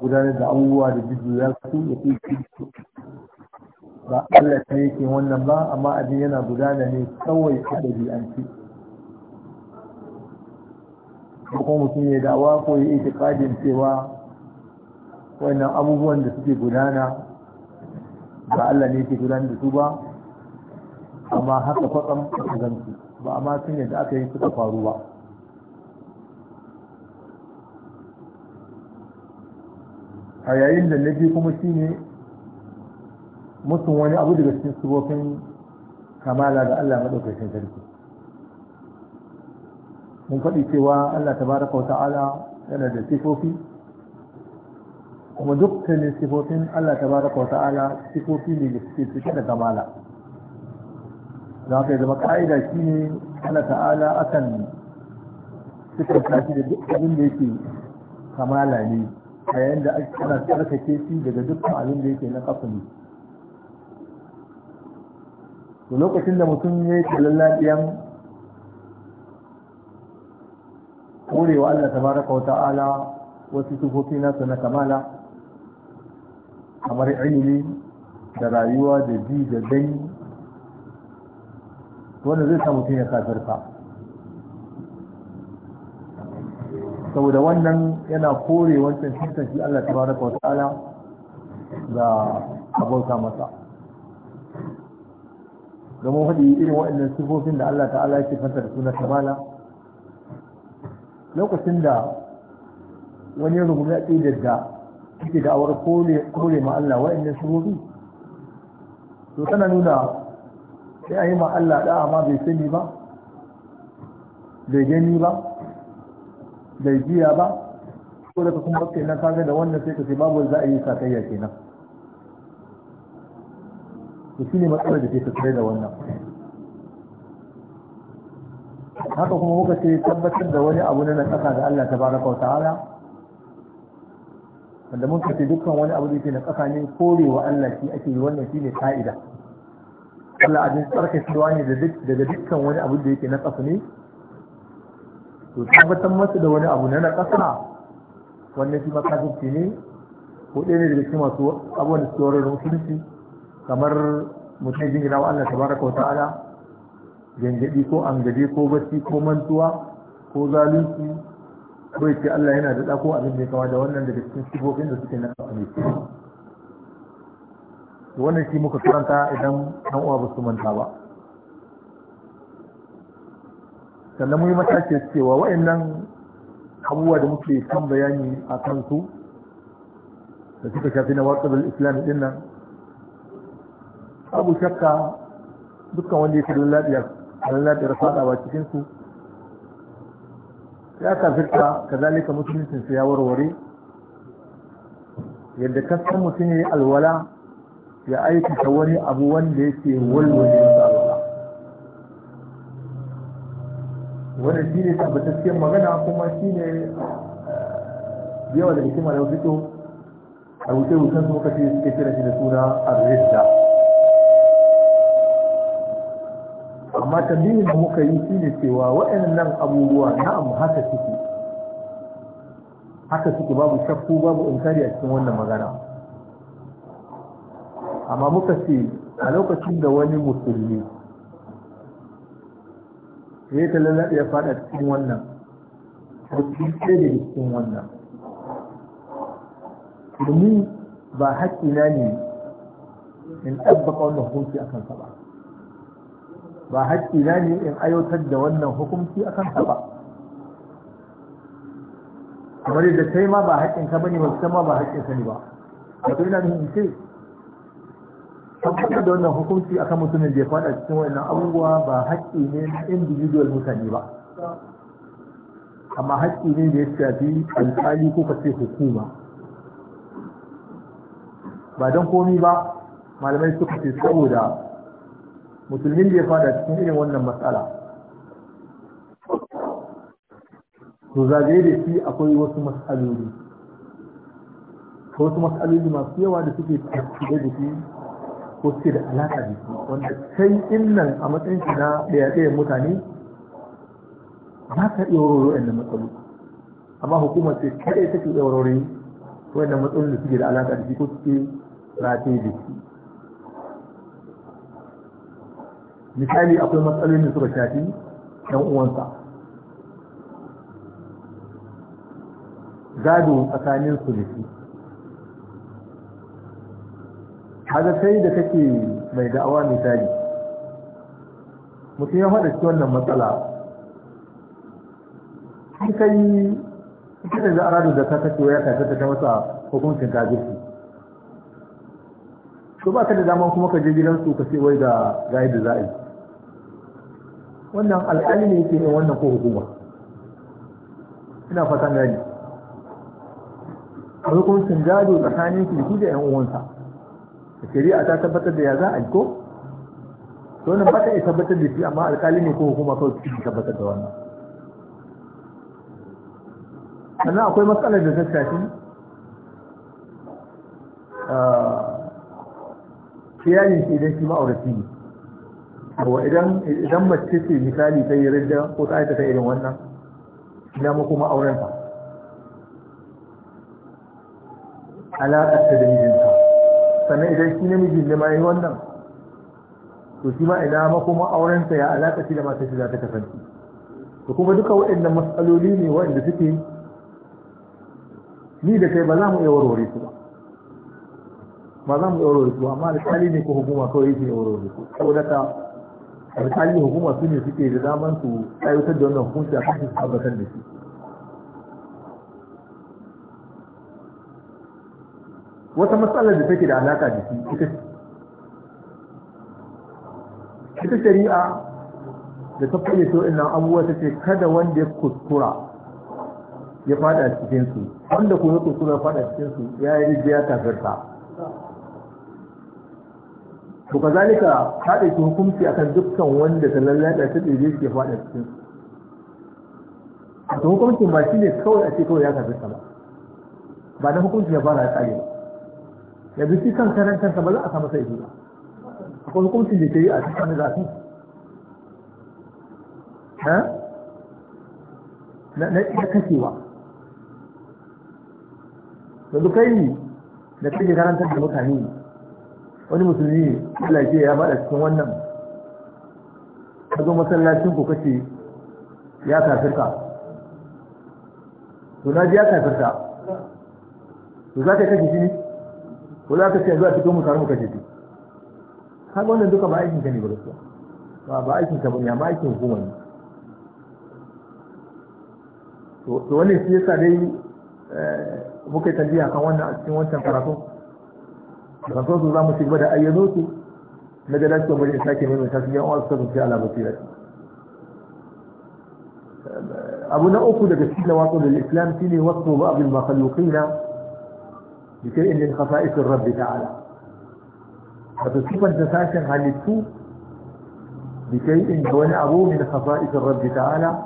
gudanar da abubuwa da ya su da fi su ba Allah ta yake wannan ba amma abin yana gudana ne kawai a ɗabi'anci kuma mutum ya dawa ko ya ita kajin cewa wannan abubuwan da suke gudana ba Allah ne ke gudanar da su ba amma haka kwatsam a ba amma sun yadda aka yi suka faru ba a yayin da nabi kuma shi ne mutum wani abu daga cikin sufofin kamala da Allah madaukakin sarki mun faɗi cewa Allah ta baraka wa ta'ala yana da sifofi kuma dukkanin sifofin Allah ta baraka wa ta'ala sifofi ne da suke cike da kamala za ka zama ka'ida shi ne Allah ta'ala akan sifar shi da duk abin da yake kamala ne a yayin da ana tsarkake shi daga dukkan abin da yake na kafin to lokacin da mutum ya yi talalladiyan korewa Allah ta mara kauta ta'ala wasu sufofi nasa na kamala kamar ilimi da rayuwa da ji da gani wanda zai sa mutum ya kafirta saboda wannan yana kore wancan shirka shi Allah baraka wa ta'ala ga abauta masa gama haɗi irin waɗannan sifofin da Allah ta'ala ya fanta da suna kamala lokacin da wani rubuta ƙidar da suke da awar kore ma Allah waɗannan sifofi to tana nuna sai a yi ma Allah ɗa'a ma bai sani ba bai gani ba bai jiya ba ko daga kuma kenan ka da wannan sai ka ce babu za a yi sakayya kenan to shine matsalar da ke tattare da wannan haka kuma muka ce tabbatar da wani abu na nakasa ga Allah tabaraka wa ta'ala wanda mun ce dukkan wani abu da yake na nakasa ne korewa Allah shi ake yi wannan shi ne ka'ida Allah abin jin tsarkakewa ne daga dukkan wani abu da yake na nakasa ne to tabbatar masu da wani abu na na ƙasa wanda shi makasarci ne ko ɗaya ne daga cikin masu abubuwan da suke wurin musulunci kamar mutum jin wa Allah baraka wa ta'ala gangaɗi ko angade ko bacci ko mantuwa ko zalunci ko yake Allah yana da ɗako abin da ya kama da wannan daga cikin sifofin da suke na ƙasa ne wannan shi muka karanta idan ɗan uwa ba su manta ba sannan mu yi matashi cewa wa'annan abubuwa da muke kan bayani a kansu da suka shafi na watsabar islam din nan abu shakka dukkan wanda ya fi lafiyar lafiyar fada ba cikin su ya ka zalika mutuncin su ya warware yadda kasar mutum ya yi alwala ya aikata wani abu wanda yake walwale wannan shi ne tabbatacciyar magana kuma shi ne eh, yawa hikima da wasu to a wuce wutan su lokaci suke kira shi da suna arresta amma tambayin da muka yi shi ne cewa waɗannan abubuwa na'am haka suke haka suke babu shakku babu inkari a cikin wannan magana amma muka ce a lokacin da wani musulmi ya ta lalaɗe ya faɗa cikin wannan wakil ce da cikin wannan domin ba haƙƙina ne in ɗabbaka wannan hukunci a kansa ba ba haƙƙina ne in aiwatar da wannan hukunci a kansa ba kamar yadda kai ma ba haƙƙinka ba ne ba ma ba haƙƙinka ne ba wato ina nufin ce tabbata da wannan hukunci akan mutumin da ya faɗa cikin wannan abubuwa ba haƙƙi ne na individual mutane ba amma haƙƙi ne da ya shafi alƙali ko kace hukuma ba don komi ba malamai suka ce saboda musulmin da ya faɗa cikin irin wannan matsala to zagaye da shi akwai wasu matsaloli wasu matsaloli masu yawa da suke tafiye da shi ko suke da alaƙa da shi wanda kai in nan a matsayin shi na ɗaya ɗaya mutane ba ka iya warware da matsaloli amma hukumar ce kaɗai take iya warware da matsaloli da suke da alaƙa da shi ko suke rataye da shi misali akwai matsalolin da suka shafi ɗan uwansa gado tsakanin su da shi haza kai da kake mai da'awa misali mutum ya faɗa ci wannan matsala har kai kada da aradu da ka kace ya kace ta masa hukuncin kafirci to ba ka da dama kuma ka je gidansu ka ce wai ga ga da za a yi wannan al'ali ne yake yin wannan ko hukuma ina fatan gani hukuncin gado tsakanin shi da yan uwansa shari'a ta tabbatar da ya za a yi ko to ba ta iya tabbatar da shi amma alkali ne ko hukuma kawai su tabbatar da wannan sannan akwai matsalar da ta shafi ah, kiyayin shi idan shi ma'aurati ne abuwa idan mace ce misali ta yi rajja ko ta aikata irin wannan ina ma kuma aurenta alaƙar ta da mijinta sannan idan shi namiji mijin ma yi wannan to shi ma ina makoma aurensa ya alaƙa shi da mata shi za ta kasance to kuma duka waɗannan matsaloli ne waɗanda suke ni da kai ba za mu iya warware su ba ba za mu iya warware su ba amma alƙali ne ko hukuma kawai yake iya warware su saboda ka alƙali hukuma su ne suke da daman su aiwatar da wannan hukunci a kan su tabbatar da shi wata matsalar da take da alaka da shi ita ita shari'a da ta so ina abubuwa ta ce kada wanda ya kuskura ya fada cikin su wanda kuma ya kuskura ya fada cikin su ya yi rijiya kafirta to kazalika ta ɗauki hukunci akan dukkan wanda ta lallata ta ɗaiɗe ya fada cikin su to hukuncin ba shi ne kawai a ce kawai ya kafirta ba ba na hukunci ya fara ya ba yanzu shi kan karan kanta ba za a samu sai ba akwai hukuncin da ke yi a cikin zafi na iya kashewa yanzu kai da ke karantar da mutane wani musulmi Allah ya bada cikin wannan ka zo masallacin ku kashe ya kafirka to na ji ya kafirka to za ka kashe shi ne ko za ka ce zuwa cikin mutane mu ka kaga wannan duka ba aikin ka ne ba gaskiya ba ba aikin ka bane amma aikin hukuma ne to to wannan shi yasa dai eh, muka yi tambaya kan wannan a cikin wancan karatu kan so za mu ci gaba da ayyano su na ga dace bari in sake mai mai ya wasu uwa su ala basira abu na uku daga cikin wato da islam shine wasu ba abin makhluqina بشيء من خصائص الرب تعالى فتصفن تساشن هالتو بشيء ولا أبو من خصائص الرب تعالى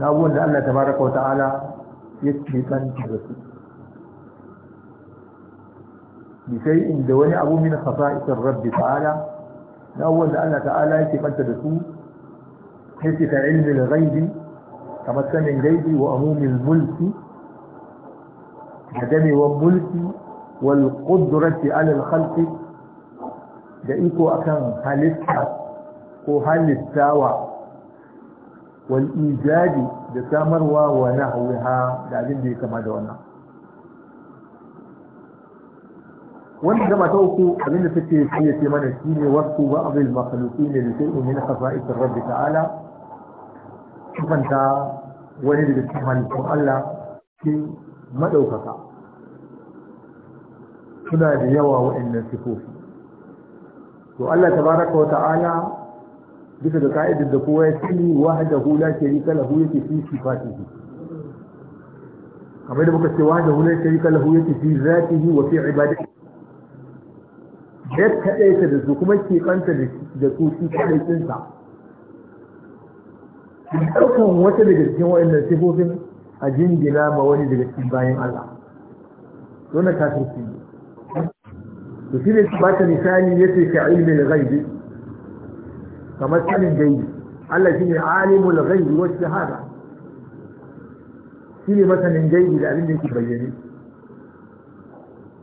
نقول لأن الله تبارك وتعالى يتمثن تبسي بشيء ولا أبو من خصائص الرب تعالى نقول لأن الله تعالى يتمثن تبسي حيث علم الغيب كما سمع الغيب وأموم الملك da gamewar mulki wal qudrati alal da iko akan halitta ko halittawa wal ijadi da samarwa wa nahwiha da abin da ya kama da wannan wanda gama ta uku abin da take ya ce mana shine wasu ba abin makhluqi ne da sai kasa khasa'is rabbi ta'ala kifanta wani daga cikin halittun Allah cikin madaukaka suna da yawa waɗannan sifofi to Allah tabaraka wa ta'ala bisa ga ka'idar da kowa ya sani wahdahu la sharika lahu yake fi sifatihi kamar da muka ce wahdahu la sharika lahu yake fi zatihi wa fi ibadatihi ya kaɗai ta da su kuma ke kanta da su shi kaɗai ɗinsa ɗaukan wata daga cikin wa'annan sifofin a jingina ma wani daga cikin bayan Allah dole kafirci ne to shi ne ba ta misali ya ce ka ilmin ghaibi kamar sanin gaibi Allah shi ne alimul ghaibi wa hada. shi ne masanin gaibi da abin da yake bayyane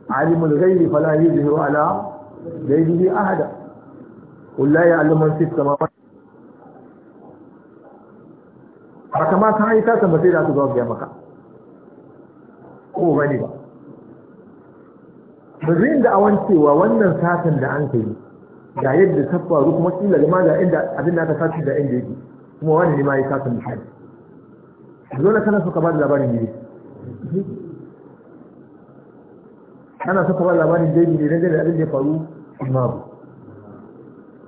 alimul ghaibi fala yuzhiru ala ghaibihi ahada qul la ya'lamu man fis samawati haka ma san ai ta san ba sai da su ga maka ko bane ba ba zai da awan cewa wannan satan da an kai ga yadda ta faru kuma kila da ma inda abin da aka sace da inda yake kuma wani ne ma ya satan misali dole kana so ka ba da labarin ne ana so ka ba labarin daidai ne dangane da abin da ya faru babu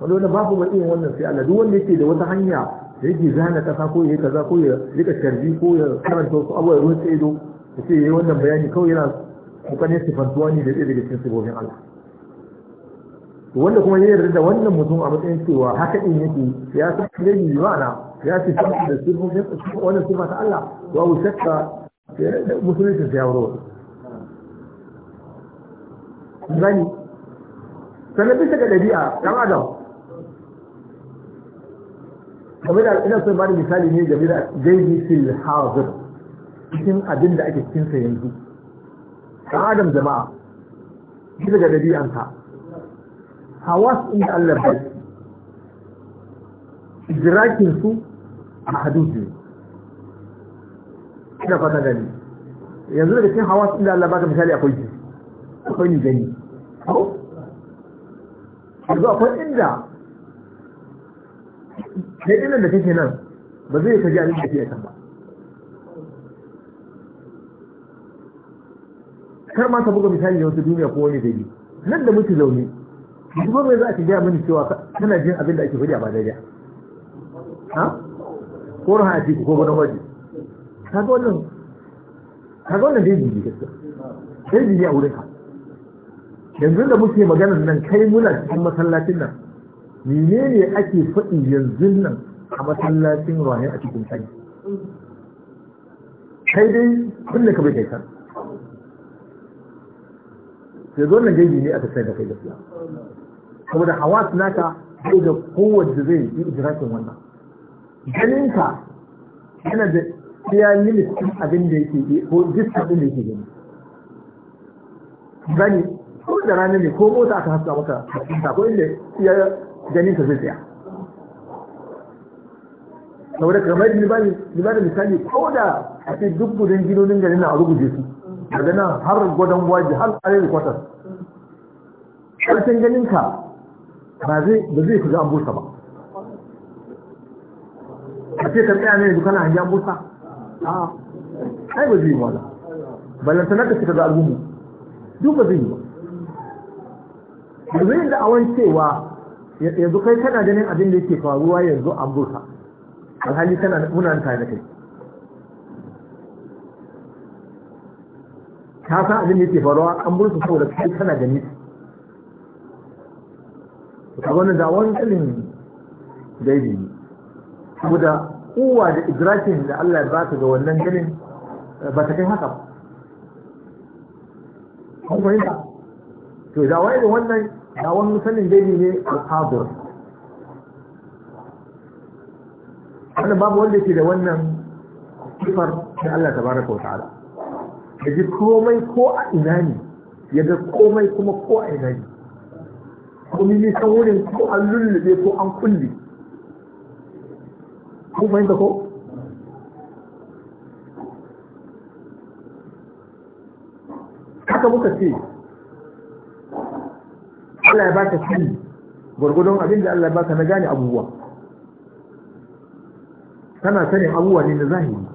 wanda wani babu ba irin wannan sai Allah duk wanda yake da wata hanya da yake zana kasa ko ya kaza ko ya rika sharbi ko ya karanta wasu abubuwa ya ruwan ido ya ce yayi wannan bayani kawai yana kokarin sifantuwa ne da ɗaya daga cikin sifofin Allah wanda kuma ya yarda da wannan mutum a matsayin cewa haka din yake ya san da yi ma'ana ya ce san da sifofin wannan sifa ta Allah babu shakka musulunci ya wuro Zani sannan bisa ga ɗabi'a ɗan adam game da ina son bada misali ne game da gaibi fil hazir cikin abin da ake cikin yanzu ɗan adam jama'a bisa ga ɗabi'anka hawas in da Allah bai idrakin su a hadudu ina fata gani yanzu daga cikin hawas in da Allah baka misali akwai ji akwai ni gani yanzu akwai inda kai ɗinan da kake nan ba zai kaji abin da ke yakan ba kar ma ka buga misali ne wata duniya ko wani gari nan da muke zaune duk ba mai za ka gaya mini cewa kana jin abin da ake faɗi a ba daidai ha ko ruhan haji ko gudun waje kaga wannan kaga wannan dai jiji gaskiya sai jiji a wurin ka yanzu da muke maganar nan kai muna cikin masallacin nan menene ake faɗi yanzu nan a masallacin ruhani a cikin kai kai dai kulle ka bai kai kan sai zo nan dangi ne aka sai da kai gaskiya saboda hawas naka sai da kowace zai yi idrakin wannan ganinka yana da iya limitin abin da yake yi ko jista ɗin da yake gani gani ko da rana ne ko mota aka haska maka ta ko inda iya ganinka zai tsaya saboda kamar libanin misali ko da a ce duk gudun ginonin ganin na a rubuce su daga nan har gwadon gwaji har arewa kwatar ƙarfin ganinka ba zai fi ga an busa ba a ce karɓi a ne duka na hanyar busa a ai ba zai yi ba ballantana ka cika ga al'ummu duk ba zai yi ba domin da awon cewa yanzu kai kana ganin abin da yake faruwa yanzu an busa alhali kana munanta tare da kai ka san abin da yake faruwa an bursu saboda kai kana gani ka wani da wani irin daidai saboda kowa da idrakin da Allah ya baka ga wannan ganin eh, ba ta kai haka ba kun fahimta to da wani da wannan da wani sanin daidai ne al-hadir wannan babu wanda ke da wannan kifar da Allah tabaraka wa ta'ala Ka ji komai ko a ina ne ya ga komai kuma ko a ina ne kuma ne san wurin ko an lullube ko an kulle ko fahimta ko haka muka ce Allah ya baka sani gwargwadon abin da Allah ya baka na gane abubuwa kana sanin abubuwa ne na zahiri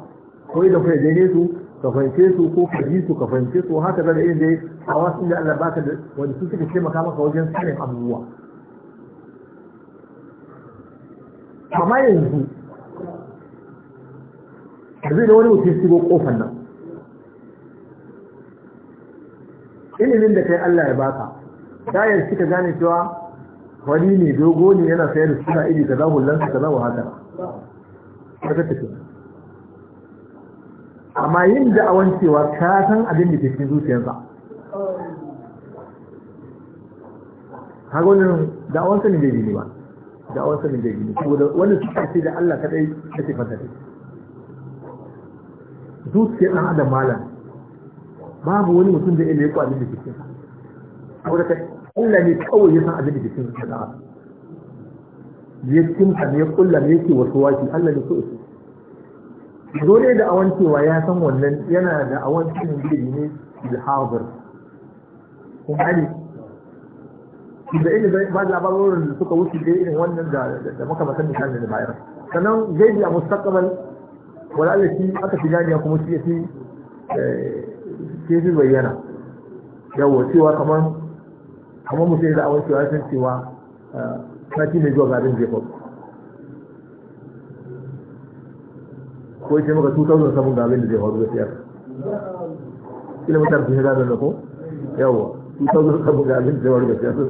ko idan kai ne su ka fahimce su ko ka ji su ka fahimce su haka zaka irin dai a wasu da Allah baka da wanda su suka taimaka maka wajen sanin abubuwa amma yanzu A zai da wani mutum shigo kofar nan ilimin da kai Allah ya baka ta yanzu kika gane cewa wani ne dogo ne yana sayar da suna iri kaza hullansa kaza wa haka ka tafi amma yin da'awan cewa ka san abin da ke cikin zuciyarsa har wani da'awar sanin gini ba da'awar sani da gini saboda wani suka ce da Allah kadai ta ce fasari zuciya ɗan adam malam babu wani mutum da ya kwa abin da ke cikin saboda ka Allah ne kawai ya san abin da ke cikin zuciyar ya kimta ne ya kulla ne yake wasu waki Allah ne so zo ne da awancewa ya san wannan yana da cikin gidi ne bilhazir kuma ne da irin ba labarorin da suka wuce da irin wannan da makamakon misali da bayar sannan gaibi a mustaqbal wala da shi aka fi ganiya kuma shi yafi ke eh, fi bayyana yawo cewa kamar kamar mutum da awancewa ya san cewa eh, sati mai zuwa garin zai faru ko ya ce maka da ga abin da zai faru da siyasa ila mutar su shiga da ko yawa da ga abin da zai faru da siyasa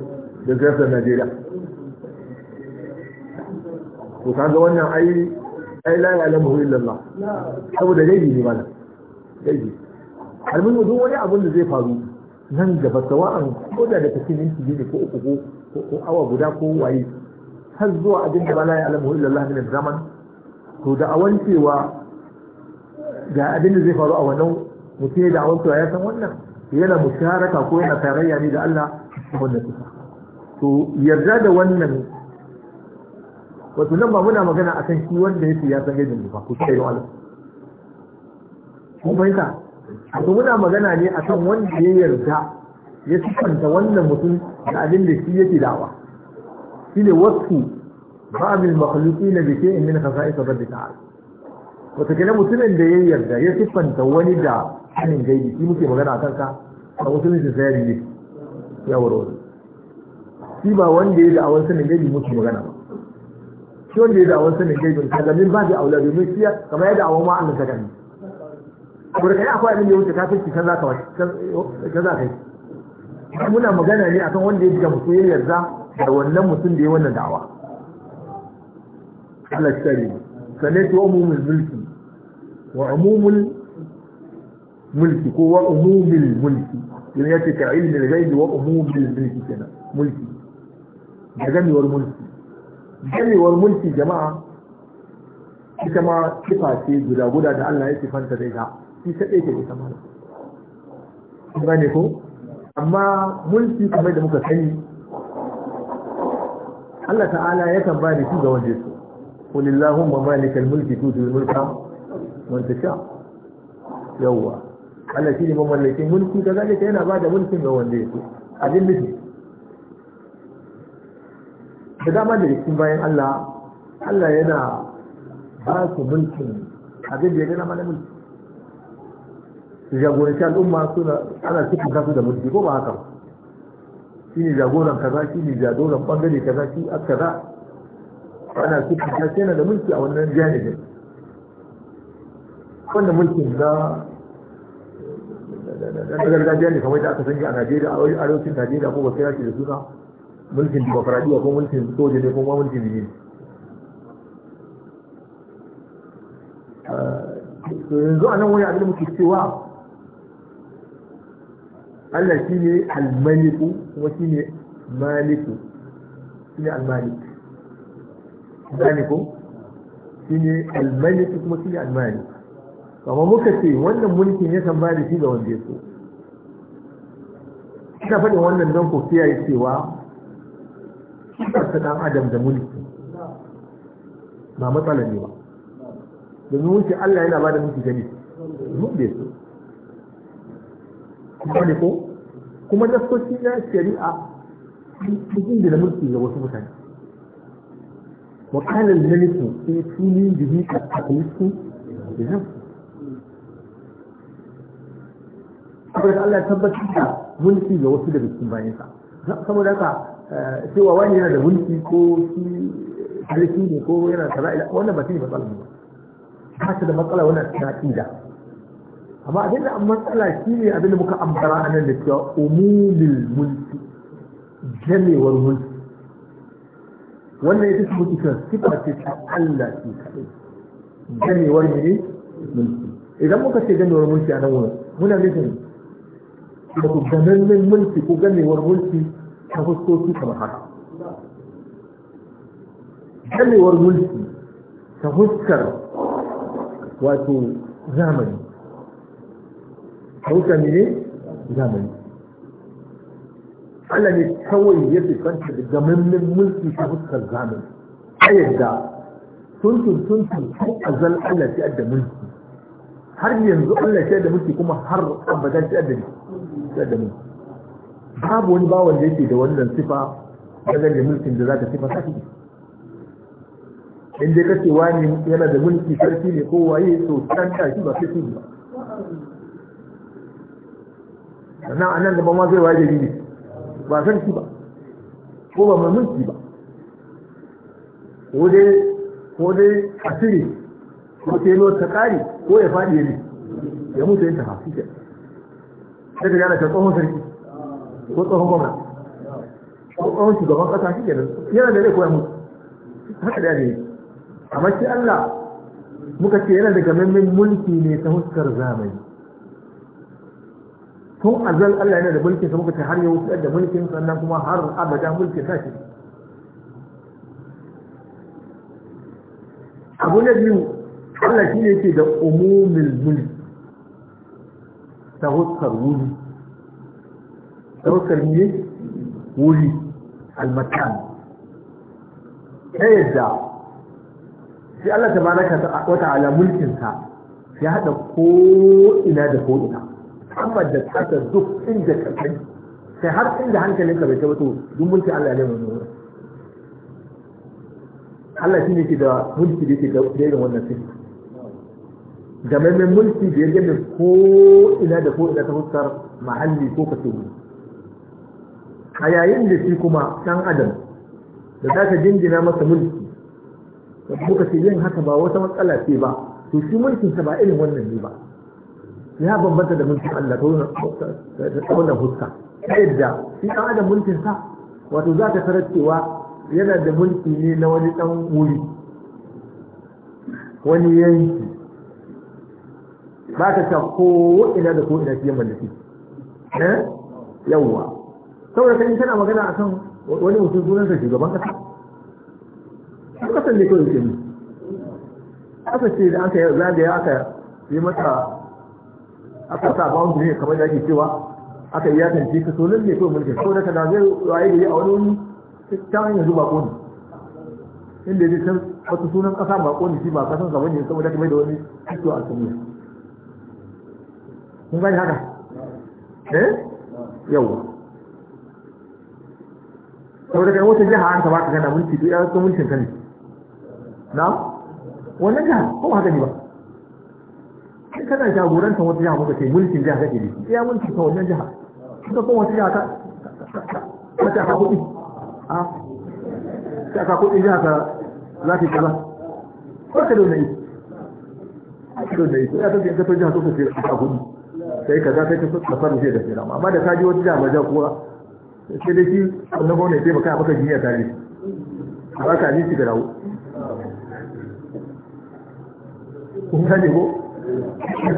da siyasar najeriya to kaga wannan ai ai la ya lamu illallah saboda gaibi ne mana gaibi almin duk wani abin da zai faru nan gaba sawa'an ko da da cikin minti biyu ko uku ko awa guda ko waye har zuwa abin da ba la ya lamu illallah ne zaman to da awancewa ga abin da zai faru a wannan mutum ya da awantuwa ya san wannan yana musharaka ko yana tarayya ne da Allah wannan kusa to yarda da wannan wato nan ba muna magana akan shi wanda yake ya san gajin ba ko sai wala kuma fahimta to muna magana ne akan wanda ya yarda ya sifanta wannan mutum da abin da shi yake dawa shine wasu ba'd al-makhluqin bi shay'in min khasa'is rabbika ta'ala wataƙila mutumin da ya yarda ya siffanta wani da hannun gaibi shi muke magana a kanka a musulunci sai ya ne ya warware shi ba wanda ya da'awar sanin gaibi muke magana ba shi wanda ya da'awar sanin gaibin zamin ba da aula domin shi kamar ya da'awar ma Allah ta gani kai akwai abin da ya wuce kafin shi kan za ka yi muna magana ne akan wanda ya gamsu ya yarda da wannan mutum da ya wannan da'awa Allah shi kare sannan tuwa mu mulki wa umumul mulki ko wa umumul mulki yana ya ce ka ilmi da gaibi mulki kenan mulki da gamewar mulki gamewar mulki jama'a ita ma guda guda da Allah ya sifanta da shi kaɗai ke ita ko amma mulki muka sani Allah ta'ala ya kan shi ga قل اللهم مالك الملك تؤتي الملك man tasha yawa Allah shi ne mamallakin mulki da zalika yana ba da mulkin ga wanda ya yake abin nufi da dama da cikin bayan Allah Allah yana ba su mulkin abin da ya gana mana mulki jagoranci al'umma suna ana cikin kasu da mulki ko ba haka shi ne jagoran kaza shi ne jagoran bangare kaza shi a kaza ana cikin kasu yana da mulki a wannan janibin wanda mulkin na na gargajiya ne kamar da aka sanya a najeriya a arewacin najeriya ko wasu yaki da suna mulkin dimokuraɗiyya ko mulkin soja ne ko mulkin biyu yanzu a nan wani abin muke cewa Allah shi ne almaliku kuma shi ne maliku shi ne almalik gane ko shi ne almaliku kuma shi ne almalik kamar muka ce wannan mulkin ya kan bada shi ga wanda ya so ina faɗin wannan don ku kiyaye cewa sifar ta ɗan adam da mulki ba matsala ne ba domin mulki Allah yana bada mulki gani duk da so kuma ne ko kuma shi na shari'a cikin da mulki ga wasu mutane وقال الملك ائتوني به قد أخلصت بنفسي saboda Allah ya tabbatar da mulki ga wasu daga cikin bayansa saboda haka eh, cewa wani yana da mulki ko shi sarki ne ko yana kaza ila wannan ba shi ne matsala ba ba ta da matsala wannan tsida, amma abin da matsala shi ne abin da muka ambara a nan da cewa umulil mulki jamewar mulki wannan ya tafi mulki kan sifa ce ta Allah ce kaɗai jamewar ne mulki idan muka ce jamewar mulki a nan wurin muna nufin da ku ganannen mulki ko ganewar mulki ta fuskoki kamar haka ganewar mulki ta fuskar wato zamani ta ne zamani Allah ne kawai ya fifanta da gamannen mulki ta fuskar zamani a yadda tuntun tuntun ko azal Allah ya da mulki har yanzu Allah ya da mulki kuma har abadan ta yadda mulki cutar da mu babu wani bawon da yake da wannan sifa dangane da mulkin da za ka sifa sake in dai kace wani yana da mulki sarki ne ko waye to can ta shi ba sai ba sannan a nan gaba ma zai waje ne ba sarki ba ko ba mai mulki ba ko dai ko dai asiri ko telo ta kare ko ya faɗi ne ya mutu yin ta hafi kenan sai da yana ta tsohon sarki ko tsohon gwamna ko tsohon shugaban kasa shi kenan yana da rai koya mutu haka da ne amma shi Allah muka ce yana da gamammen mulki ne ta huskar zamani tun azal Allah yana da mulkin sa muka ce har yau wuce da mulkin sannan kuma har abada mulkin sa shi abu ne biyu Allah shi ne ke da umumin mulki ta huskar wuri ta huskar ne wuri almakan ta yadda shi Allah ta baraka wata ala mulkinsa ya haɗa ko'ina da ko'ina amma da kasa duk inda ka kai sai har inda hankalinka bai taɓa to duk mulkin Allah ne mai wurin Allah shi ne ke da mulki da ke da irin wannan sifa da maimain mulki da ya gane ko ina da ko ina ta fuskar mahalli ko kaso a yayin da shi kuma san adam da za ka jingina masa mulki da kuma ce yin haka ba wata matsala ce ba to shi mulkin sa ba irin wannan ne ba ya bambanta da mulkin Allah ta wannan fuska ta yadda shi san adam mulkin sa wato za ka tarar cewa yana da mulki ne na wani ɗan wuri wani yanki ba ta ta ko ina da ko ina fiye mallaki eh yawwa saboda yi kana magana akan wani mutum sunan sa shugaban kasa kasan ne kawai kenan aka ce da aka yi zagaya aka yi masa aka sa wani ne kamar da ake cewa aka yi yakan ce ka solar ne kawai mulkin saboda ka da zai waye da yi a wani wani ta hanyar zuba ko ne inda ya ce wata sunan kasa ba ko ne shi ba kasan zaman ne saboda kamar da wani fito a samuya kun gani haka eh yau, saboda kai wata jiha an ta baka gana mulki duk ya sun mulkin ka ne na wannan jiha ko haka ne ba kai kana jagorantar wata jiha muka ce mulkin jiha kake ne ya mulki ta wannan jiha suka kuma wata jiha ta ta ta kuɗi a ta ka kuɗi jiha ka za ta kala ko ka da wani ko ka da wani ya ta ce ka to jiha ta ka ce ka kuɗi kai kaza kai kaza ka fara sai da kira amma da kaji wata dama ja kuwa sai dai shi wannan gwamnati sai baka maka jiya tare ba ka ni shiga rawo kun gane ko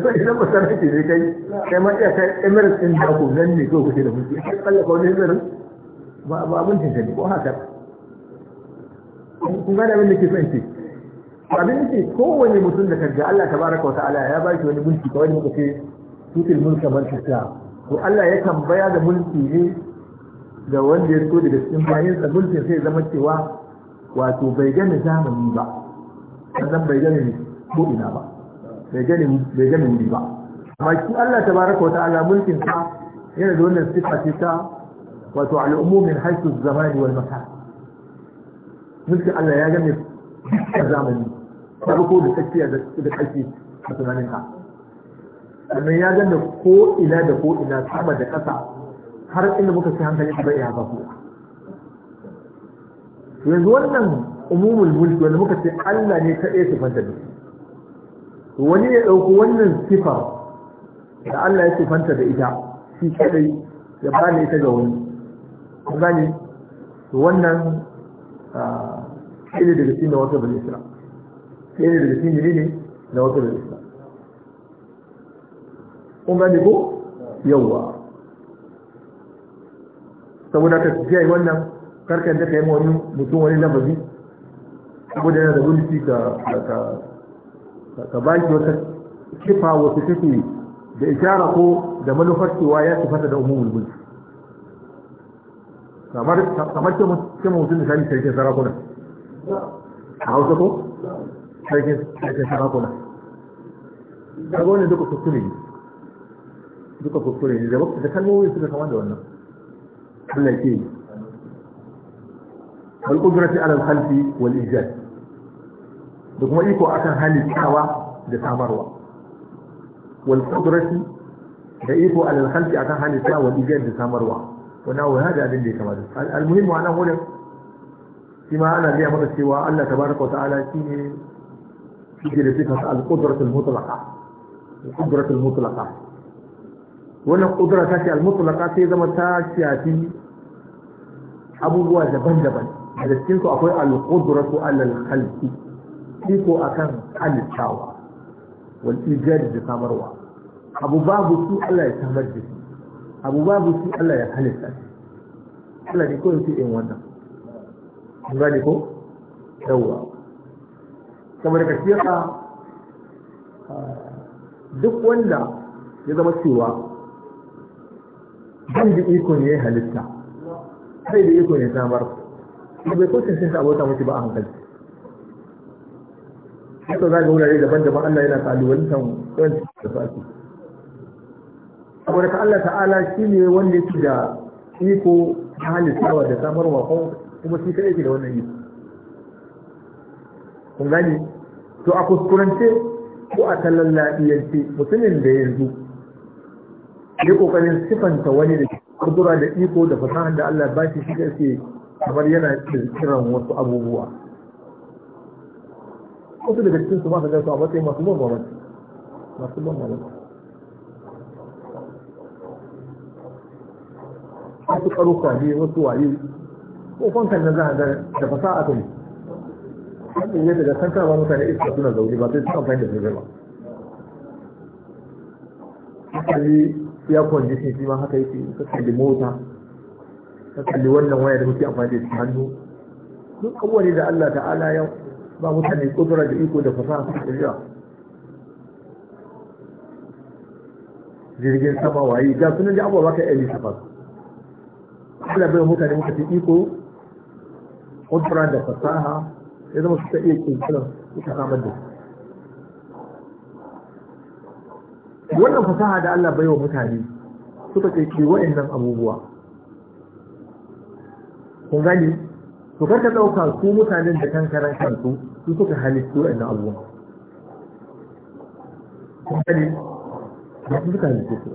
sai idan ba sanar ke ne kai kai ma iya kai emirates din da ku nan ne ko kuke da mutu, sai kalla ko ne zarin ba ba abin tinta ne ko haka kun gane abin da ke son ce abin da ke kowane mutum da kaga Allah tabaraka wa ta'ala ya ba shi wani gunki kawai da muka ce tutul mulka man tasha to Allah ya tambaya da mulki ne da wanda ya so daga cikin bayan da mulki sai zama cewa wato bai gane zamani ba sannan bai gane ko ina ba bai gane bai gane wuri ba amma shi Allah tabaraka wa ta'ala mulkin sa yana da wannan sifa ce ta wato al'umumin haisu zamani wal makan mulkin Allah ya gane zamani farko da tsakiya da da ƙarfi a tunaninka sannan ya ganda ko ina da ko ina sama da ƙasa har inda muka ci hankali ba ya ba yanzu wannan umumul mulk wanda muka ce Allah ne ta ɗaya sifanta da wani ya ɗauko wannan sifa da Allah ya sifanta da ita shi kadai ya ba ni ita ga wani kun gane wannan shi ne daga cikin na wata bane isra shi ne daga cikin ne na wata bane isra kuma ne ko yawwa saboda ka kiyaye wannan karkan da ka yi wani mutum wani lafazi saboda yana da gulci ka ka ba shi wata kifa wata take da ishara ko da manufar cewa ya sifata da umumul mulki kamar kamar ke mutum da sani sarkin sarakuna a hausa ko sarkin sarkin sarakuna kaga wannan duka su ne duka kuskure ne da kalmomin suka kama da wannan Allah ke wal qudrati ala al khalqi wal ijad da kuma iko akan halittawa da samarwa wal qudrati da iko ala al khalqi akan halittawa wal ijad da samarwa wannan wai hada abin da ya kamata al muhimmu anan wurin shi ma ana biya maka cewa Allah tabaraka wa ta'ala shine shi da sifa al qudratul mutlaqa al qudratul mutlaqa wannan kudura ta ce almutulaka sai zama ta shafi abubuwa daban-daban daga cikin su akwai alqudratu alal khalqi iko akan halittawa wal ijad da samarwa abu babu su Allah ya samar da su abu babu su Allah ya halitta su Allah ne kawai in wannan kun gane ko yawwa saboda ka ah, duk wanda ya zama cewa ban da iko ne ya halitta sai da iko ne samar da bai kusa sabo abota mutu ba a hankali haka za ga wurare daban-daban Allah yana kalubalantar wani da fasu saboda ka Allah ta'ala shi ne wanda yake da iko halittawa da samarwa kuma shi kaɗai ke da wannan iko kun gani to a kuskurance ko a tallan lafiyance mutumin da yanzu yi kokarin sifanta wani da kudura da iko da fasahar da Allah ba shi shi ke kamar yana kiran wasu abubuwa wasu daga cikin su masu gaisu a matsayin masu ban mamaki masu ban mamaki wasu karuka ne wasu waye ko fankan na za a ga da fasaha ta yi hakan yadda da kanka ba mutane iska suna zaune ba sai su amfani da zai ba. ya kwanje shi ma haka yake ka kalli mota ka kalli wannan waya da muke amfani da hannu duk abubuwa da Allah ta'ala ya ba mutane kudura da iko da fasaha su shirya jirgin sama waye ga sunan da abubuwa ka yi lissafa Allah bai mutane muka ce iko kudura da fasaha ya zama suka iya su ta samar da su wannan fasaha da Allah bai wa mutane suka wa'in waɗannan abubuwa kun gani to karka ɗauka su mutanen da kan karan kansu su suka halittu waɗannan abubuwa kun gani ba su suka halittu su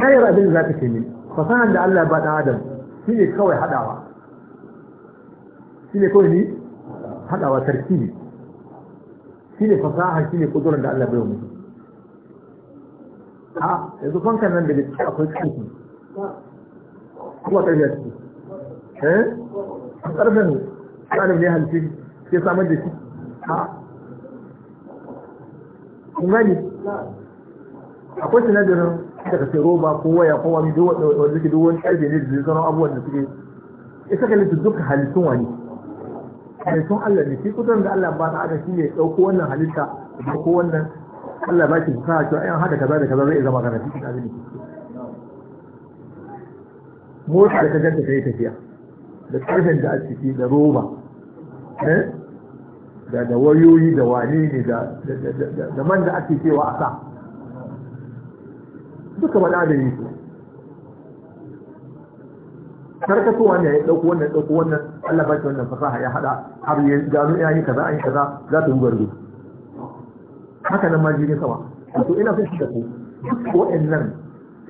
gayar abin da za ka ce ne fasahan da Allah ba ɗan adam shi ne kawai haɗawa shi ne kawai ni haɗawa ne shi ne fasaha shi ne ƙudurar da Allah bai wa mutum a yanzu fankan nan daga ciki akwai ciki kuma ƙarfi ciki eh ƙarfin ɗalib ne halittu ke samar da shi a kun gani akwai sinadarin daga ka ce roba ko waya ko wani wanda suke duk wani ƙarfi ne da zai sauran abubuwan da suke isa ka littu duka halittun wani halittun Allah ne shi kudurin da Allah ba ta aka shi ne ɗauko wannan halitta ko wannan Allah ba shi fasaha cewa in haka kaza da kaza zai zama kana cikin abin da mota da ka ta yi tafiya da karfin da a ciki da roba eh, da da wayoyi da wane ne da da man da ake cewa a sa duka ba da yi su karkato wannan ya dauko wannan dauko wannan Allah ba shi wannan fasaha ya hada har ya gano ya yi kaza an yi kaza za ta rubar gudu haka nan ma jirgin sama to ina son shi da ku nan waɗannan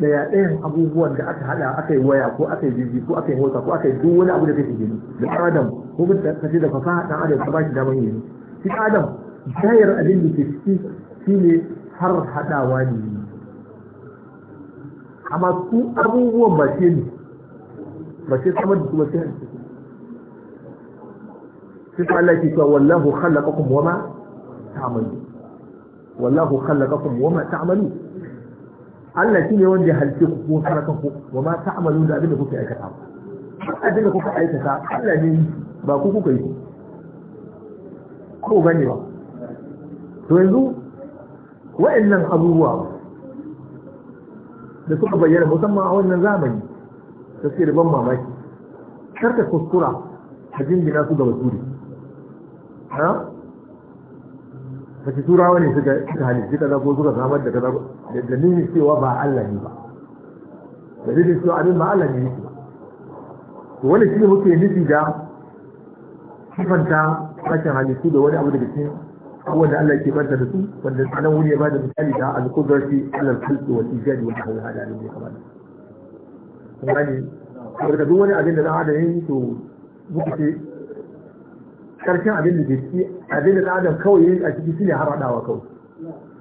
daya ɗayan abubuwan da aka hada aka yi waya ko aka yi jirgi ko aka yi mota ko aka yi duk wani abu da kake gani da adam ko bin ta kace da fasaha dan adam ka bashi daman yi shi adam jayar abin da ke ciki shine har hadawa ne amma su abubuwan ba ce ne ba ce sama da su ba ce ne sai Allah ke cewa wallahu khalaqakum wama ta'malun wallahu khallaqakum wama ta'malun Allah shine wanda ya halice ku ko saraka ku wama ta'malun da abin da kuke aikata abin da kuka aikata Allah ne ba ku kuka yi ko bane ba to yanzu wa'annan abubuwa da suka bayyana musamman a wannan zamani ta suke ban mamaki karka kuskura a jingina su ga basuri wace turawa ne suka suka halitta kaza ko suka samar da kaza da dalilin cewa ba Allah ne ba dalilin cewa abin ba Allah ne yake to wani shi muke nufi da sifanta rashin halittu da wani abu daga cikin abubuwan da Allah ke banta da su wanda tsanan wuri ya ba da misali da al-qudrati al-khalqi wal ijadi wal hawla hada ne kamar kun gani saboda duk wani abin da za a da yin to karshen abin da ke ciki abin da adam kawai a ciki shine har haɗawa kawai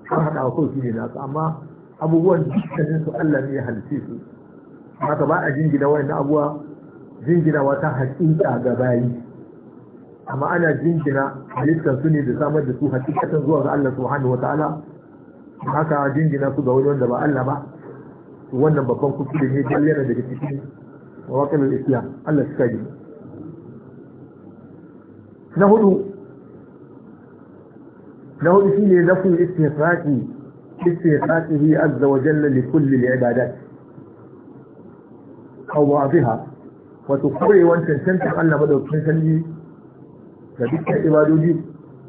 har haɗawa kawai shine nasu amma abubuwan dukkanin su Allah ne ya halice su haka ba a jingina wayan abuwa jingina wata hakika ga bayi amma ana jingina halittar su ne da samar da su hakikatan zuwa ga Allah subhanahu wataala haka jingina su ga wani wanda ba Allah ba wannan babban kuskure ne bayyana daga cikin wakilin islam Allah suka gina na hudu na hudu shi ne nafi istifaki istifaki bi azza wa jalla li kulli ibadat aw wadiha wato kore wa tantanta Allah madaukin sanji da dukkan ibadodi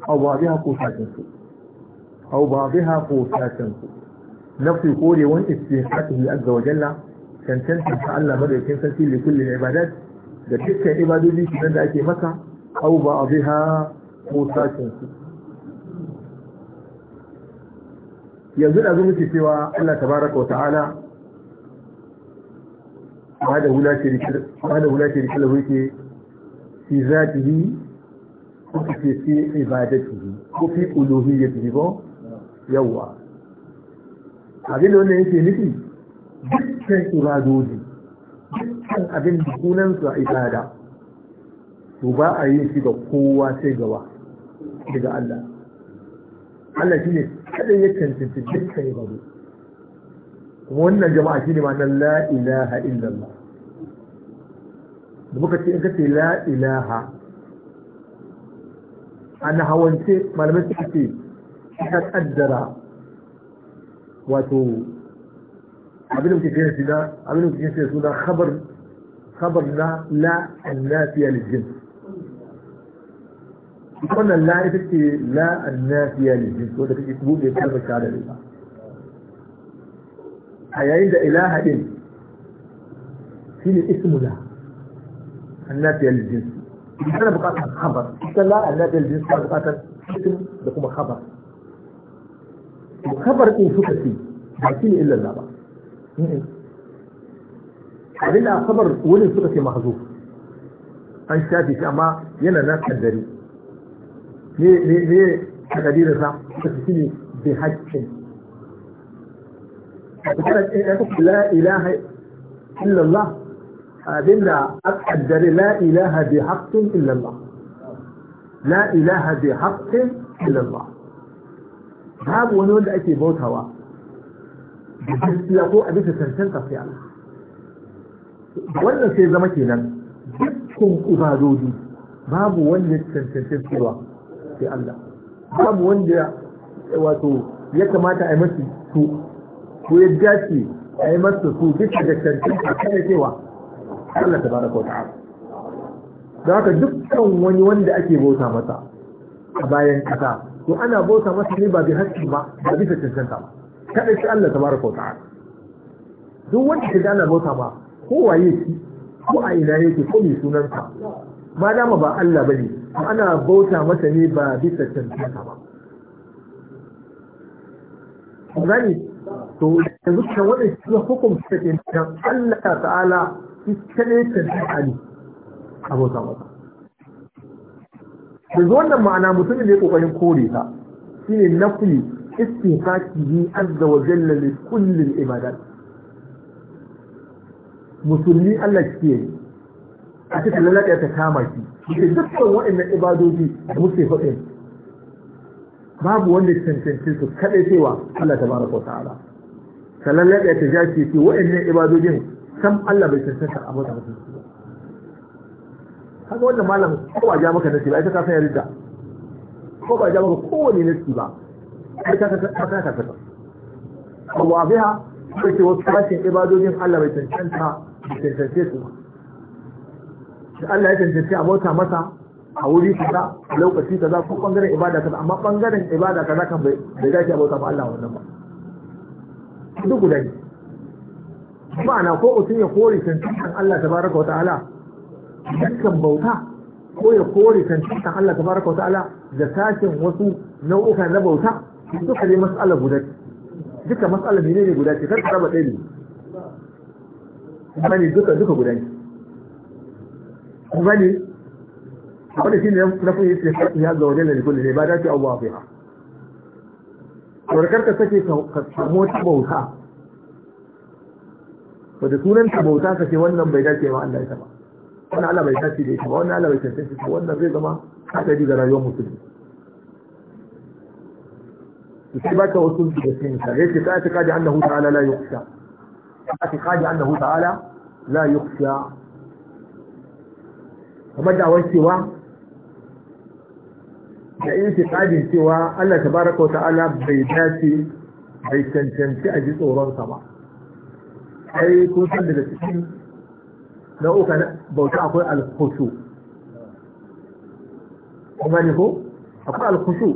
aw wadiha ko sakin su aw wadiha ko sakin su nafi kore wan istifaki bi azza wa jalla tantanta Allah madaukin sanji li kulli ibadat da dukkan ibadodi da ake maka أو بعضها موساكن يزل أزمك سوى الله تبارك وتعالى وهذا لا شريك لا شريك له في ذاته وفي في عبادته وفي ألوهيته يوا abin da wannan yake nufi dukkan ibadoji dukkan abin da sunansu a to ba a yin shi ga kowa sai gawa daga Allah Allah shi ne kaɗai ya cancanci dukkan ya babu kuma wannan jama'a shi ne ma'anar la ilaha illallah da muka ce in ka ce la ilaha an hawance malamai suka ce ta kaddara wato abin da muke kiran suna na abin da muke kiran shi na khabar khabar na la annafiya lil jins wannan la ita ce la annafiya ne so da kake buɗe kalmar shahada ne a yayin da ilaha din shi ne ismula annafiya ne jinsu ita na bukatar khabar ita la annafiya ne jinsu na bukatar ism da kuma khabar khabar din suka ce ba shi ne illallah ba abin da khabar wani suka ce mahzuf an shafi shi amma yana na kaddari ليه ليه ليه حاجه دي رفع تفتكري بهاج كده لا اله الا الله بلا اتحدر لا اله بحق الا الله لا اله بحق الا الله هاب ونود اكي بوت هوا لقوا ابيت سنسنتا في الله wannan sai zama kenan dukkan ubadodi babu wannan tantance cewa sai Allah babu wanda wato ya kamata a yi masa su ko ya dace a yi masa su duka da cancin a kare cewa Allah ta baraka wata abu da haka dukkan wani wanda ake bauta masa a bayan kasa to ana bauta masa ne ba bi hakki ba ba bisa cancanta ba kada shi Allah ta baraka wata abu duk wanda ke gana bauta ba, ko waye shi ko a ina yake ko mai sunansa ba dama ba Allah bane ana bauta masa ne ba bisa cancanta ba Zani, to da kan wani shi hukum ta ke nan Allah ta'ala shi kane cancanta ne a bauta masa yanzu wannan ma'ana mutumin ne kokarin kore ta shine nafi istifaki azza wa jalla li kullum ibadat musulmi Allah ke yi a cikin lalata ta kama shi da dukkan waɗannan ibadoji da muke faɗin babu wanda cancanci su kaɗai cewa Allah ta baraka wa ta'ala sanan ya ta jace ce waɗannan ibadojin san Allah bai cancanta a mota mutum haka wannan malam ko ba ja maka nasi ba ita ka san yarda ko ba ja maka kowane nasi ba ai ka ka ka ka ka Allah biha sai ce wasu ibadojin Allah bai cancanta bai su ba shi Allah ya cancanci a bauta masa a wuri kaza a lokaci kaza ko bangaren ibada kaza amma bangaren ibada kaza kan bai dace a bauta ba Allah wannan ba duk guda ne ma'ana ko mutum ya kore cancantan Allah tabaraka wa ta'ala dukkan bauta ko ya kore cancantan Allah tabaraka wa ta'ala da sashen wasu nau'uka na bauta duka ne mas'ala guda ce duka mas'ala ne ne guda ce kar ka raba ɗaya ne kuma ne duka duka guda ne ku gani abu shi ne na fi yake sarki ya zaune da likuli ne ba da ce abuwa fi ha warkar ka sake ka samu ta bauta wadda sunan ta bauta ka ce wannan bai dace ba Allah ya ba wannan Allah bai dace da ita ba wannan Allah bai tantance ba wannan zai zama hadari ga rayuwar musulmi sai baka wasu da sun sa yake ta ta kaji annahu ta'ala la yukhsha ta ta kaji annahu ta'ala la yukhsha kamar da cewa da intiqadin cewa Allah tabaraka wa ta'ala bai dace bai cancanci a ji tsoronsa ba ai kun san da cikin na uka bauta akwai alkhushu kun ne ko akwai alkhushu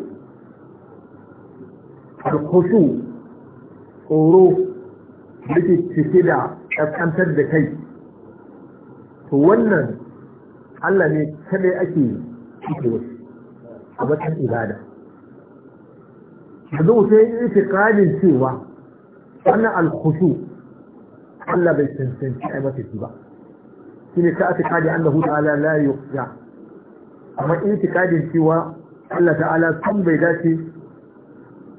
alkhushu tsoro da ke cike da ƙasƙantar da kai to wannan Allah ne kadai ake cike wasu a bakin ibada yanzu wuce yin itikadin cewa wannan alkhushu Allah bai cancanci a mata shi ba shi ne ka itikadi annahu ta'ala la yuqda amma itikadin cewa Allah ta'ala sun bai dace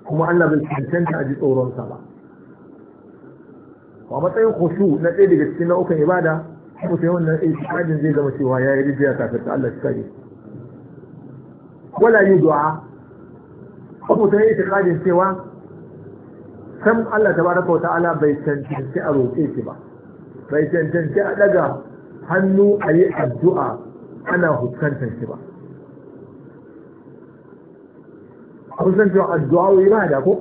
kuma Allah bai cancanta a ji tsoronsa ba a matsayin khushu na ɗaya daga cikin nau'ukan ibada ko sai wannan ijtihadin zai zama cewa ya yi rijiya kafin ta Allah shi kare wala yi du'a ko sai ijtihadin cewa san Allah tabaraka wa ta'ala bai cancanci a roƙe shi ba bai cancanci a daga hannu a yi addu'a ana huskantar shi ba huskantar addu'a wai ba da ko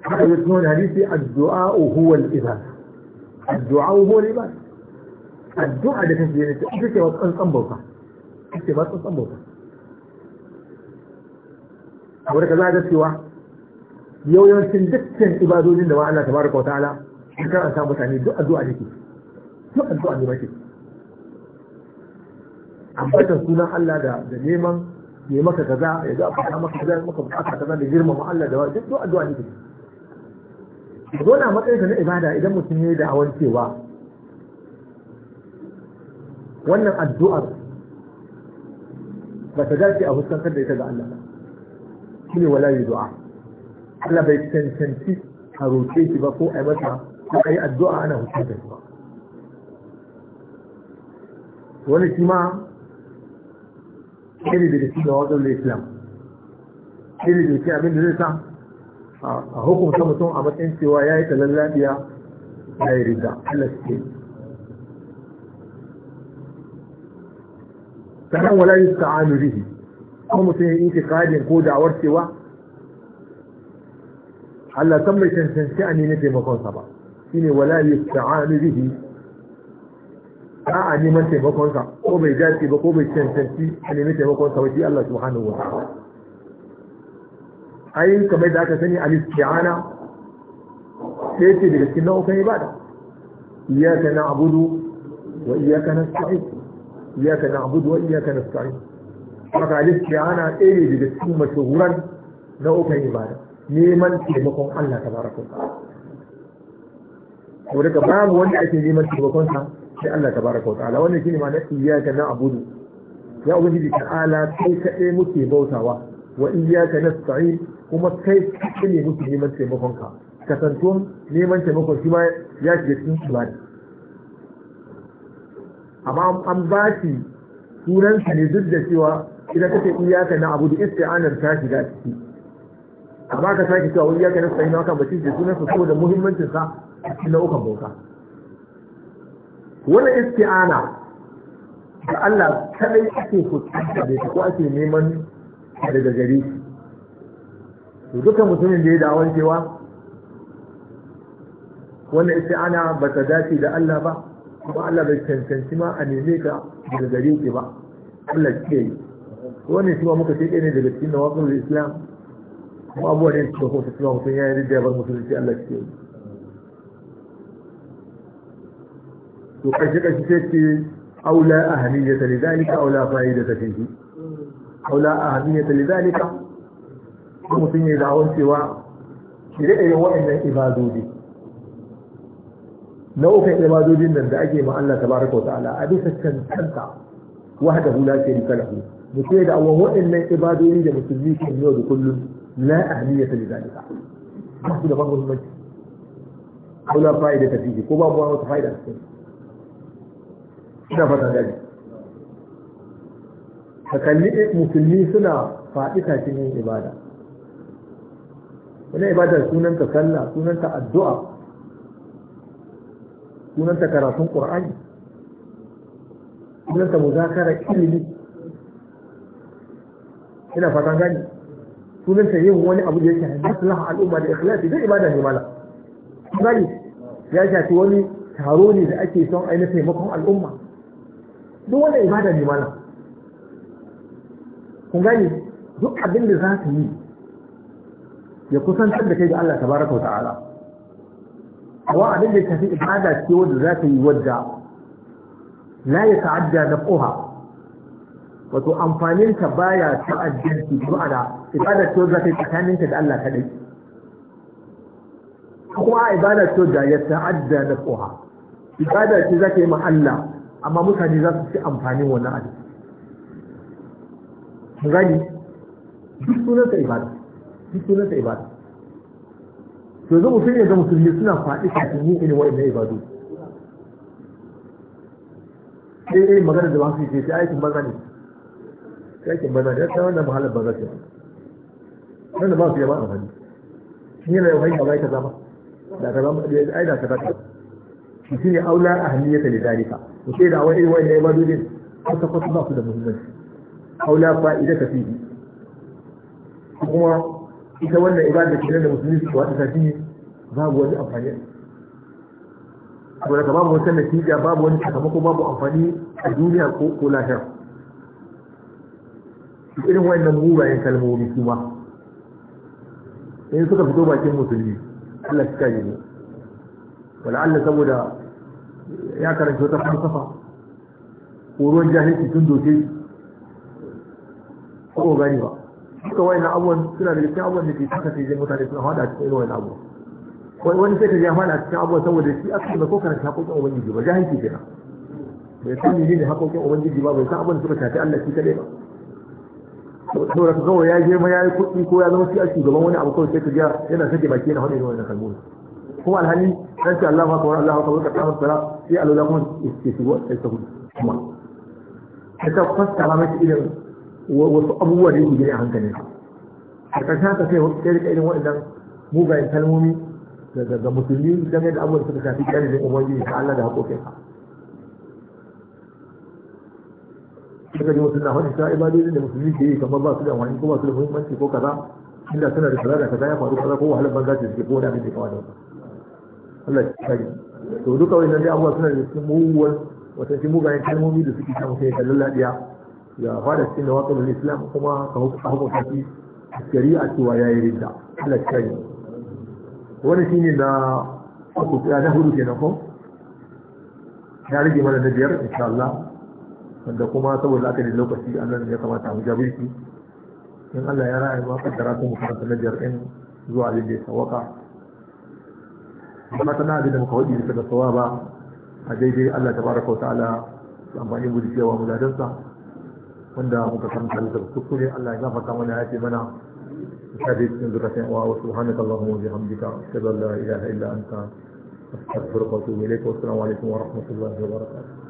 haka yi tunan hadisi addu'a huwa al-ibada addu'a huwa riba addu'a da kake yi ta ita ce ba tsantsan bauta ita ba tsantsan bauta abu da kaza ga cewa yau da ma Allah tabaraka an samu mutane duk addu'a ne ke duk addu'a ne ba ambatan sunan Allah da da neman ya maka kaza ya ga maka kaza maka bukata kaza da girmama Allah da duk addu'a ne a zo na ibada idan mutum ya yi da'awar cewa wannan addu'ar ba ta dace a fuskantar da ita ga Allah shi ne wala yi zuwa Allah bai cancanci a roƙe shi ba ko a yi masa ko a yi addu'a ana fuskantar shi ba wani shi ma iri shi ga wajen islam iri da ke abin da zai sa a hukunta mutum a matsayin cewa ya yi ta lafiya ya yi rida Allah suke sannan wala yi ta'anu rihi kuma mutum ya yi kadin ko da'awar cewa Allah san bai cancanci a nemi taimakonsa ba shine wala yi ta'anu rihi a a neman taimakonsa ko bai dace ba ko bai cancanci a nemi taimakonsa ba shi Allah subhanahu wa ta'ala ai kamar da aka sani al-isti'ana sai ce daga cikin nau'ukan ibada na abudu wa na iyyaka nasta'in na abudu wa iyyaka nasta'in haka al-isti'ana ɗaya daga cikin mashahuran nau'ukan ibada neman taimakon Allah ta ta'ala ko daga babu wanda ake neman taimakon sa sai Allah tabaraka ta'ala wannan shine ma'anar na abudu. ya ubangiji ta'ala sai kaɗai muke bautawa wa na nasta'in kuma kai ka nemi su neman taimakon ka kasantuwan neman taimakon shi ma ya shiga cikin ibada amma an ba shi sunansa ne duk da cewa idan kace iyaka na abudu isti'anar ta shiga ciki amma ka sake cewa wani iyaka na sai na kan bace da sunansa saboda muhimmancin sa na ukan bauta wannan isti'ana da Allah kadai ake fuskanta da ko ake neman daga gare shi to dukkan mutumin da ya da'awan cewa wannan isti'ana ba ta dace da Allah ba kuma Allah bai cancanci ma a neme ka daga gare ki ba Allah ke yi wannan shi muka ce ɗaya ne daga cikin nawaqul islam kuma abuwa ne cikin kuma cewa mutum ya yi da bar musulunci Allah ke yi to kashi kashi sai ce aula ahamiyata lidalika aula fa'idata fihi aula ahamiyata lidalika Kuma mutum ya zawon cewa ire-ire waɗannan ibadodi nau'ukan ibadodin nan da ake ma Allah tabaraka wa ta'ala a bisa cancanta wahda hula ce da kalahu mu ce da awon waɗannan ibadodi da mutum musulmi ke yau da kullum la ahliyata li zalika ba su da ban muhimmanci ko la fa'ida ta fiye ko ba mu wata fa'ida ta fiye ina fata gani ka kalli musulmi suna faɗi tashin yin ibada wani ibada sunanta sallah sunanta addu'a sunanta karatun ƙur'ani sunanta muzakara ilimi ina fatan gani sunanta yin wani abu da yake laha al'umma da ikhlasi da ibada ne mala gani ya shafi wani taro ne da ake son aina taimakon al'umma duk wani ibada ne mala kun gani duk abin da za ka yi ya kusantar da kai ga Allah tabaraka wa ta'ala wa abin da tafi ibada ce wanda za ta yi wadda la ya ta'adda na ƙoha wato amfanin ta baya ta'addanci da ibada ce wanda za ta yi tsakaninta da Allah kaɗai kuma ibada ce wanda ya ta'adda na ƙoha ibada ce za ta yi ma Allah amma mutane za su ci amfanin wannan abin gani duk sunansa ibada shi sunan sa ibada to yanzu mutum ya ga musulmi suna faɗi kafin yin irin wa'annan ibadu sai irin magana da ba su yi sai aikin banza ne sai aikin banza ne sai wannan mahalar banza ce nan da ba su yaba a hannu shi yana yau hanyar bai ta zama. da kaza ba da ai ta kaza ka shi ne aula a hannu ya tale dalika Mu sai da wani irin wa'annan ibadu ne kwata kwata ba su da muhimmanci aula fa'ida ka fi kuma ita wannan ibada ke da musulmi su wata ta ne babu wani amfani saboda ka babu wata natija babu wani sakamako babu amfani a duniya ko ko lahira irin wayannan mugayen kalmomi kuma? ma in suka fito bakin musulmi Allah shi kaje ne wala'alla saboda ya karanta wata falsafa ko ruwan jahilci tun doke ko gani ba duka wayannan abubuwan suna da cikin abubuwan da ke saka sai mutane suna hada cikin irin wayannan abubuwan wani sai ka ja fada cikin abubuwan saboda shi aka ba ko karanta hakokin ubangiji ba jahilci kenan bai san ne ne hakokin ubangiji ba bai san abin da suka shafi Allah shi kadai ba saboda ka kawai ya je ma ya yi kuɗi ko ya zama shi a shugaban wani abu kawai sai ka ja yana sake baki yana haɗe wannan kalmomi kuma alhali dan ce Allah haka wa Allah haka wa ka tsamar sala sai alwala kuma ke shigo sai ta hudu kuma ta fassara mata irin wasu abubuwa da yake gina hankalin a ƙarshen haka sai sai rika irin waɗannan mugayen kalmomi daga musulmi don da abubuwa suka shafi da ubangiji ta Allah da ka. suka ji wasu na wani sa ibadodin da musulmi ke yi kamar ba su da wani ko ba su da muhimmanci ko kaza inda suna da kaza da kaza ya faru kaza ko wahalar banza ce suke ko wani abin da kawai da wata Allah ya to duka wani nan dai abubuwa suna da cikin wasu wata mugayen kalmomi da suke samu sai kallon lafiya ya fara cikin da waƙar islam kuma ka hukunta shi shari'a cewa ya yi rinda Allah shi yi wani shi ne na ya na hudu ke na ko ya rage mana na biyar insha Allah wanda kuma saboda aka da lokaci nan ya kamata mu jabirki in Allah ya ra'ayi ma kaddara ku makaranta na biyar in zuwa da ya sawaka kuma tana da muka wadi da sawaba a daidai Allah tabaraka wa ta'ala amfani mu da cewa mu muladansa wanda muka karanta da kuskure Allah ya gafarta mana ya ce mana shadi cikin zukatan wa wa subhanaka allahumma wa bihamdika ashhadu an la ilaha illa anta astaghfiruka wa atubu ilayk wa assalamu alaikum wa rahmatullahi wa barakatuh